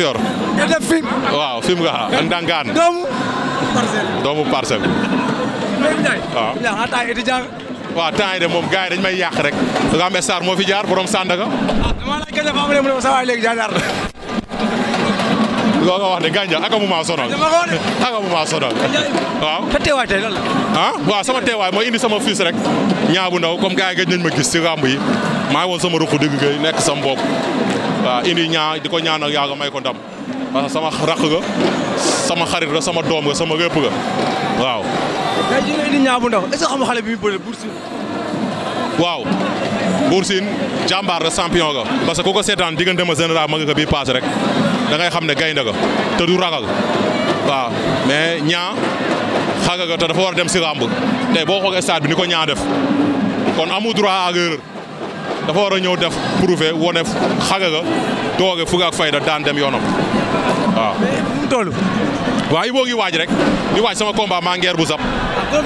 yor nga def film waaw film nga xam ndangaan doomu parcelle doomu parcelle waaw ah, waaw waaw de moom gars yi dañ may yàq rek da nga am moo fi jaar borom Sandaga ah, dama lay gàncax fa mu ne sa waay léegi jaar wax de gàncax a mu maa a mu maa sa teewaay tey lan la ah waaw sama teewaay mooy indi sama fils rek ñaa bu ndaw comme gars yi gëj nañ ma gis ci ràmb yi maa sama ruq dëgg gay nekk sama bopp waaw indi ñaa di ko ñaanal yàlla may ko ndam parce que sama rakk ga sama xarit ga sama doom ga sama lépp ga waaw. tey jii nga indi ñaa bu ndaw est-ce que xam xale bi muy bëre Bour Sine waaw ga parce que ku ko seetaan diggante ma général ma nga ko bii paase rek da xam ne gaynde ga te du ragal waaw mais ñaa xaga ga te dafa war dem si làmb tey boo xoolee stade bi ni ko ñaa def kon amu droit à l'erreur dafa war a ñëw def prouver wone xagaga dooge fuga fayda daan dem yoonam waaw. toll. waaw waaj rek di waaj sama combat maa ngeer bu zap. Ah,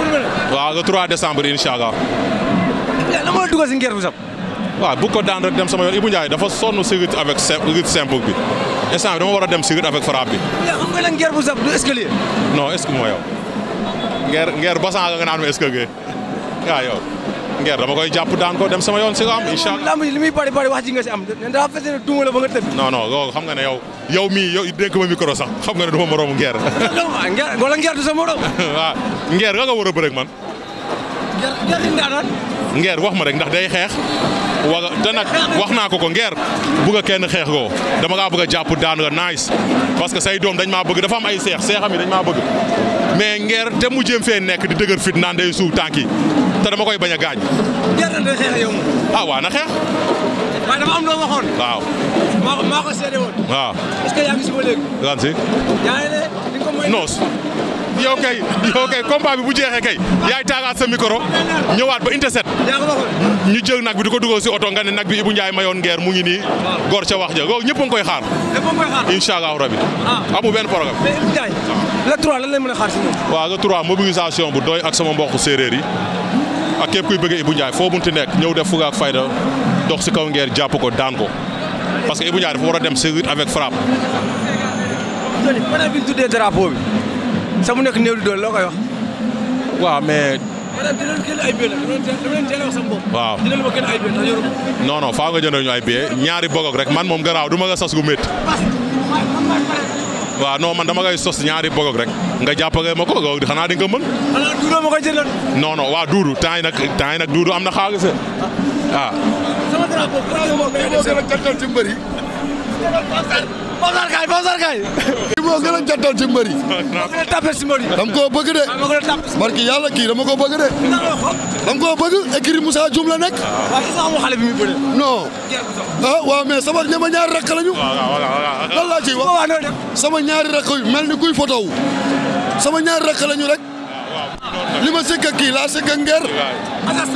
waaw le 3 décembre incha allah. daan rek dem sama yoon Ibou Ndiaye dafa sonn si avec lutte simple bi instant dem si avec frappe bi. xam ngeer bu zap du ma escalier waaw ngeer dama koy jàpp daan ko dem sama yoon si ko am incha allah lamb ji li muy nga si am daa fas yéene duuma la ba nga tëb non non loolu xam nga ne yow yow mii yow dégg ma micro sax xam nga ne du ma moroomu ngeer ah, wala ngeer du sa morom waaw ah, ngeer nga nga war a bëre ak man ngeer ngeer wax ma rek ndax day xeex wala te wax naa ko ko ngeer bëgg a kenn xeex koo dama kaa bëgg a jàpp daan la nice parce que say doom dañ maa bëgg dafa am ay seex seexam yi dañ maa bëgg mais ngeer te mu jéem nekk di dëgër fit naan day suuf tànk yi te dama koy bañ a gaañ. ah waa na xeex. waaw. waaw est yow kay yow kay combat bu jeexee kay yaay taagaat sa micro ñëwaat ba interset ñu jël nag bi di ko dugal si oto nga ne nag bi Ibou Ndiaye mayoon ngeer mu ngi nii góor ca wax ja loolu ñëpp a koy xaar incha allahu rabi ah. benn programme le 3 lan a xaar si moom waaw bu doy ak sama mbokk séeréer yi ak képp kuy bëggee Ibou Ndiaye foo munti nekk ñëw def fuga ak fayda dox si kaw ngeer jàpp ko daan ko parce que Ibou Ndiaye dafa war a dem si lutte avec frappe. jërëjëf bi ñu tuddee drapeau bi. sa mu nekk néew di doon loo waaw mais. maanaam dina leen kenn waaw dina leen nga jëndal ñu ay billets ñaari bogog rek man moom garaaw du ma nga sas gu métti. waaw non man dama koy sos ñaari bogog rek nga jàppale ma ko nga di di nga mën. xanaa duudoo ma koy waaw duudu temps yi nag temps yi nag duudu am na xaalis ah. sama Pape Sarr Kaye Pape Sarr Kaye. kii moo gën a jantal ci a tapé si kii dama ko bëgg de. dama koo bëgg écrit Moussa Dioum la nekk. bi muy ah, sama ñama ñaari rakk lañu. waaw lan laa ciy wax sama ñaari rakk yu mel ni kuy fotow sama ñaari rakk lañu rek. lima ma kii laa sëkk ak ngeer. mais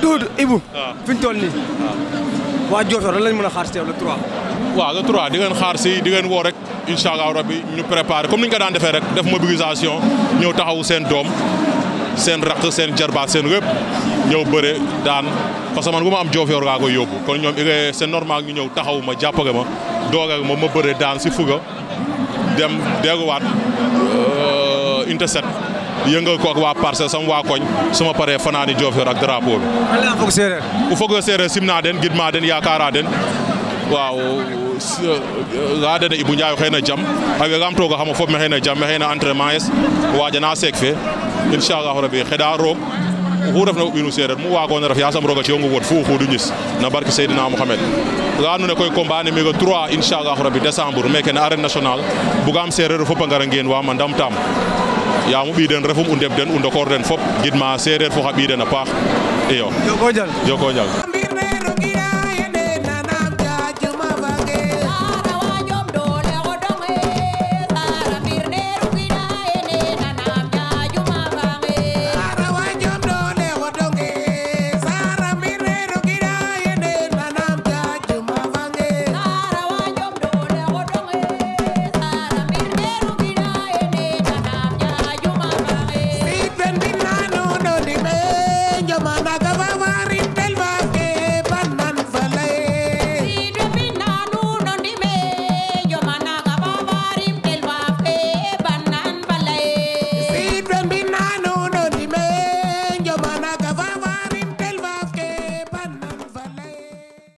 Doudou Ibou. Ah. fi ah. waa Diofior lan lañ mën a xaar si waaw le 3 di ngeen xaar si di ngeen woo rek incha allah rabbi ñu préparé comme ni ñu ko daan defee rek def mobilisation ñëw taxaw seen doom seen rakk seen jarbaat seen wépp ñëw bëre daan parce que man bu ma am Diofior laa koy yóbbu kon ñoom il eh, c'est normal ñu ñëw taxaw ma jàppale ma dooleel moom ma bëre daan si fuga dem delluwaat euh, interset yënga ko ak waa parcelle sama waa koñ suma paree fanaani Diofior ak drapeau bi. lan foog séeréer. ku foog séeréer sim naa den gid maa den raade na a Ndiaye xëy na jam awe ramtooga xama fop maxey na jam maxey na entraînement es waajana seek fe inchaallahu rabbi xeɗa roog oxu refna o ɓinu seereer mu waagoona ref yaasam roog a ci'ongu wod fu o xuudu ñis na barke Seydina Mohamed ga andoona yee koy combat ne mega 3 inchaallahu rabbi décembre meke na arène nationale bugaam seereer o fop a ngara ngeen waam a ndamtaam yaam o ɓiy den refum o ndeɓ den o ndokoor den fop gidma seereer fo xa ɓiy den a